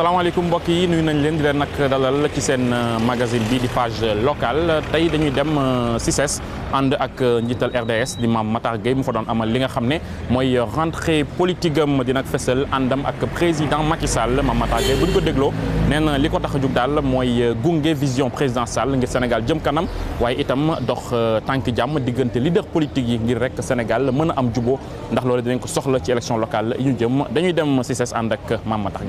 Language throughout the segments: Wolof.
salaamaaleykum mbokk yi nuyu nañ leen di leen nag dalal ci seen euh, magasin bi di page euh, local tey dañuy dem euh, CICES ànd ak njiital RDS di maam Matar Gueye mu fa doon amal li nga xam ne mooy rentrée politique am di nag fesal àndam ak président Macky Sall maam Matar Gueye bu ñu ko dégloo nee li ko tax a jug daal mooy gunge vision président Sall ngir Sénégal jëm kanam waaye itam dox tànk jàmm diggante leader politique yi ngir rek Sénégal mën a am jubo ndax loolu dinañ ko soxla ci élection locale ñu jëm dañuy dem CICES ànd ak maam Matar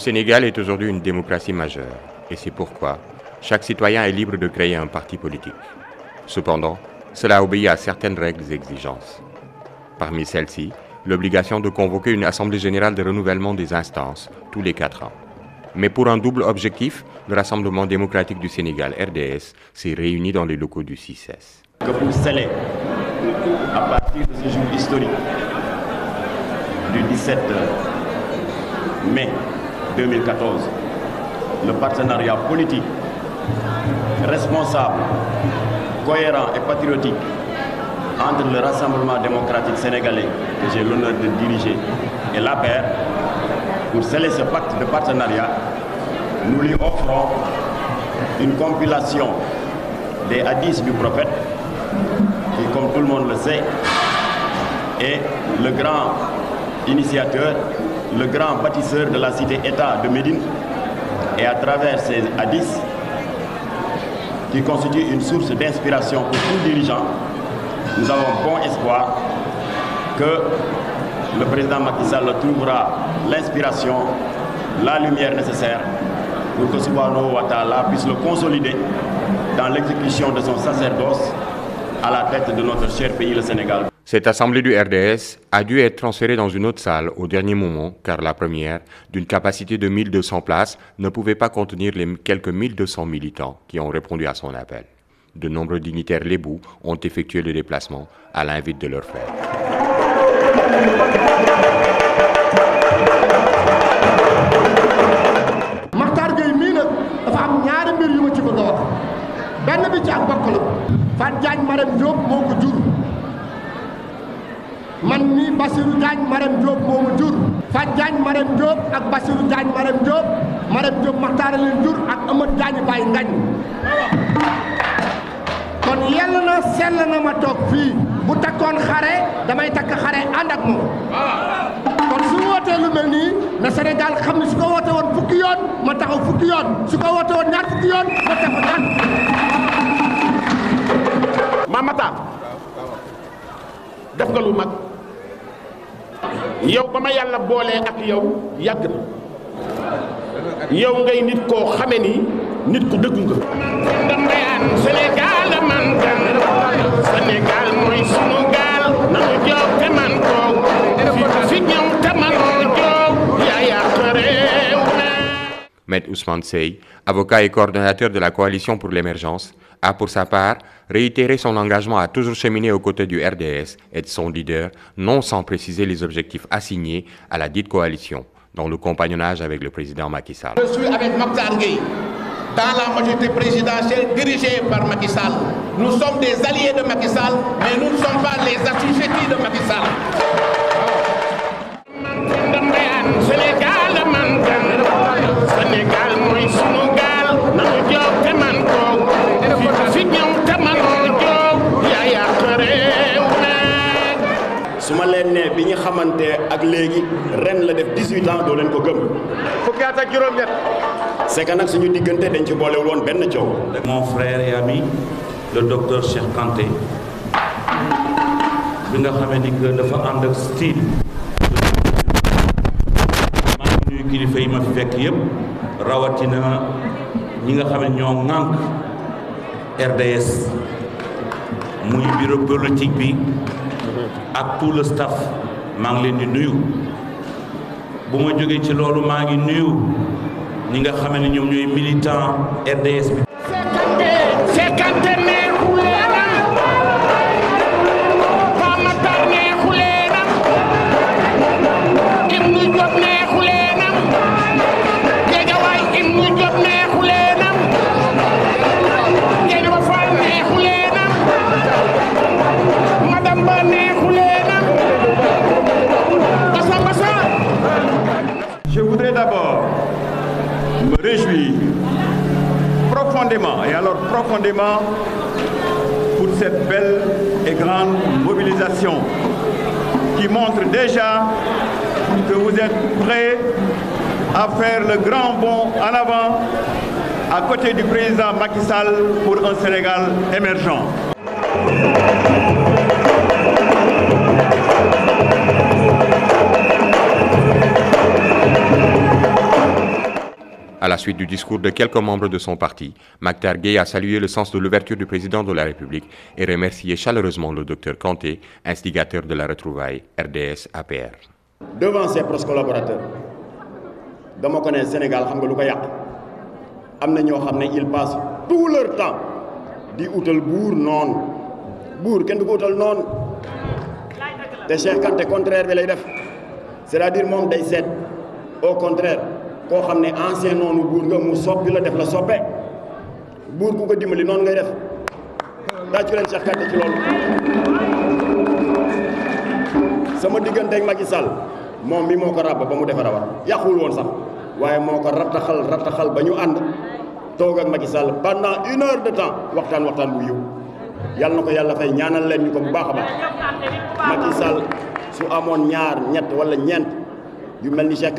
Sénégal est aujourd'hui une démocratie majeure, et c'est pourquoi chaque citoyen est libre de créer un parti politique. Cependant, cela obéit à certaines règles et exigences. Parmi celles-ci, l'obligation de convoquer une assemblée générale de renouvellement des instances tous les quatre ans. Mais pour un double objectif, le Rassemblement démocratique du Sénégal, RDS, s'est réuni dans les locaux du 6S. E que vous scellez, à partir de 2014. Le partenariat politique, responsable, cohérent et patriotique entre le Rassemblement démocratique sénégalais que j'ai l'honneur de diriger et la paix pour sceller ce pacte de partenariat, nous lui offrons une compilation des hadiths du prophète qui, comme tout le monde le sait, est le grand initiateur le grand bâtisseur de la cité-État de Médine, et à travers ses hadiths, qui constituent une source d'inspiration pour tout dirigeant, nous avons bon espoir que le président Macky Sall trouvera l'inspiration, la lumière nécessaire pour que Subhanahu wa le consolider dans l'exécution de son sacerdoce à la tête de notre cher pays, le Sénégal. Cette assemblée du RDS a dû être transférée dans une autre salle au dernier moment car la première, d'une capacité de 1200 places, ne pouvait pas contenir les quelques 1200 militants qui ont répondu à son appel. De nombreux dignitaires lébous ont effectué le déplacement à l'invite de leurs frères. a wax benn bi man mii Bassirou Diagne Marème Diop moomu jur Fat Diagne Marème Diop ak Bassirou Diagne Marème Diop Marème Diop Maxtaar jur ak Amadou Diagne Baye Ngagne kon yàlla na sell na ma toog fii bu takkoon xare damay takk xare ànd ak moom kon su wootee lu mel nii na Sénégal xam ne su ko woote woon fukki yoon ma taxaw fukki yoon su ko woote woon ñaar yoon ma taxaw ñaar Mame def nga lu mag yow ba ma yàlla boolee ak yow yàgg na ngay nit koo xame nit ku dëggu nga. dambayaan Sénégal man gan Sénégal mooy sunu gaal nanu jóg man koo fi ñëw te manoo jóg yaa avocat et coordonnateur de la coalition pour l'émergence a pour sa part réitéré son engagement à toujours cheminer aux côtés du RDS et de son leader, non sans préciser les objectifs assignés à la dite coalition, dans le compagnonnage avec le président Macky Je suis avec Mokhtar Gueye, la majorité présidentielle dirigée par Macky Nous sommes des alliés de Macky mais nous ne sommes pas les assujettis de Macky fukki at ak juróom-ñett. c'est nag suñu diggante dañ ci boolewul woon benn coow. mon frère et ami le docteur Cheikh Kanté bi nga xamee ni que dafa ànd ak style. maa ngi nuyu kilifa yi ma fi fekk yëpp rawatina ñi nga xam ne ñoo ŋànk RDS muy bureau bi ak tout le staff maa ngi leen di nuyu. bu ma jógee ci loolu maa ngi nuyu ñi nga xam ne ñoom ñooy militant RDS bi. d'abord me réjouir profondément et alors profondément pour cette belle et grande mobilisation qui montre déjà que vous êtes prêts à faire le grand bond en avant à côté du président Macky Sall pour un Sénégal émergent. À la suite du discours de quelques membres de son parti, Maktar Gueye a salué le sens de l'ouverture du président de la République et remercié chaleureusement le docteur Kanté, instigateur de la retrouvaille RDS-APR. Devant ses proches collaborateurs, dama ko ne Sénégal xam nga lu ko yàq am na ñoo xam ne ils passent tout temps di utal buur noonu buur kenn du ko utal te Cheikh contraire bi lay def c'est-à-dire moom day seet au contraire. koo xam ne ancien noonu buur nga mu soppi la def la soppe buur ku ko dimbali noonu ngay def daacu leen ci loolu sama diggante ak Macky Sall moom mi moo ko ràbb ba mu defara rawat yàquwul woon sax waaye moo ko rattaxal rattaxal ba ñu ànd toog ak Macky Sall pendant naa heure de temps waxtaan waxtaan bu yiw yàlla na ko yàlla fay ñaanal leen ñu ko bu baax a baax Macky su amoon ñaar ñett walla ñeent yu mel ni Cheikh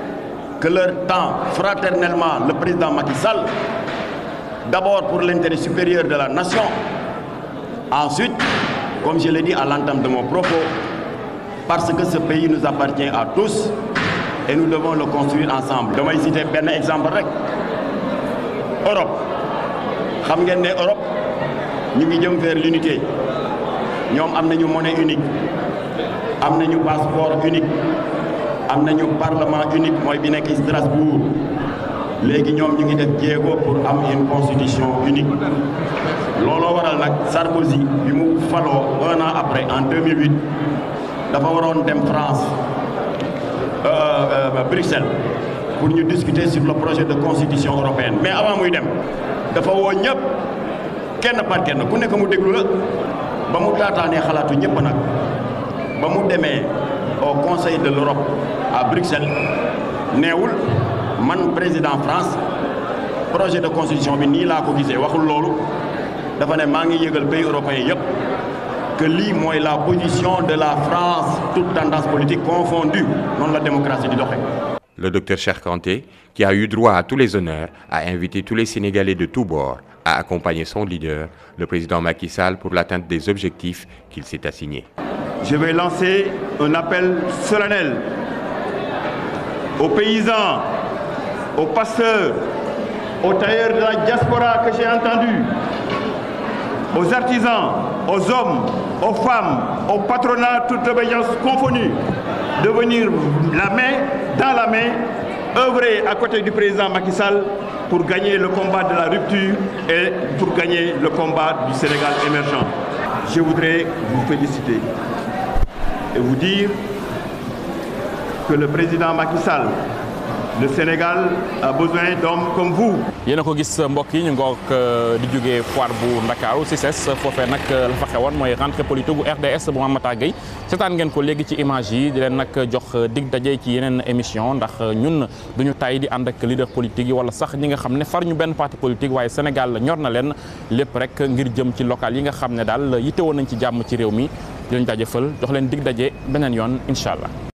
que leur tend fraternellement le président Macky Sall, d'abord pour l'intérêt supérieur de la nation, ensuite, comme je l'ai dit à l'entame de mon propos, parce que ce pays nous appartient à tous et nous devons le construire ensemble. damay citer benn exemple rek Europe xam ngeen ne Europe ñu ngi jëm vers l'unité ñoom am nañu monnaie unique am nañu passeport unique am na nañu parlement unique mooy bi nekk Strasbourg léegi ñoom ñu ngi def jéego pour am une constitution unique looloo waral nag Sarkozy bi mu faloo un an après en 2008 dafa waroon dem France euh, euh, Bruxelles pour ñu discuter sur le projet de constitution européenne mais avant muy dem dafa woo ñëpp kenn par ku nekk mu déglu la ba mu taataanee xalaatu ñëpp nag ba mu demee. au conseil de l'Europe à Bruxelles neewul man président France projet de constitution bi nii laa ko gisee waxul loolu dafa ne maa ngi yëgal pays européens yëpp que lii mooy la position de la France toute tendance politique confondue noonu la démocratie di Le docteur Cheikh Kanté, qui a eu droit à tous les honneurs, a invité tous les Sénégalais de tous bords à accompagner son leader, le président Macky Sall, pour l'atteinte des objectifs qu'il s'est assignés. Je un appel solennel aux paysans, aux pasteurs, aux tailleurs de la diaspora que j'ai entendu, aux artisans, aux hommes, aux femmes, au patronat, toute obéissance confondue, de la main dans la main, œuvrer à côté du président Macky pour gagner le combat de la rupture et pour gagner le combat du Sénégal émergent. Je voudrais vous féliciter. et vous dire que le président Macky Sall le Sénégal a besoin d'hommes comme vous. yéen a ko gis mbokk yi ñu ngoog euh, di jógee foire bu Ndakaaru CICES foofee nag euh, la fa xewoon mooy rentrée politique bu RDS bu Mamata Gueye seetaan ngeen ko léegi ci image yi di leen nag jox euh, dig daje ci yeneen émission ndax ñun duñu tay di ànd ak leader politique yi wala sax ñi nga xam ne far ñu benn parti politique waaye Sénégal ñor na leen lépp rek ngir jëm ci local yi nga xam ne daal yittewoon nañ ci jàmm ci réew mi. di leen jaajëfal jox leen dig daje beneen yoon incha allah.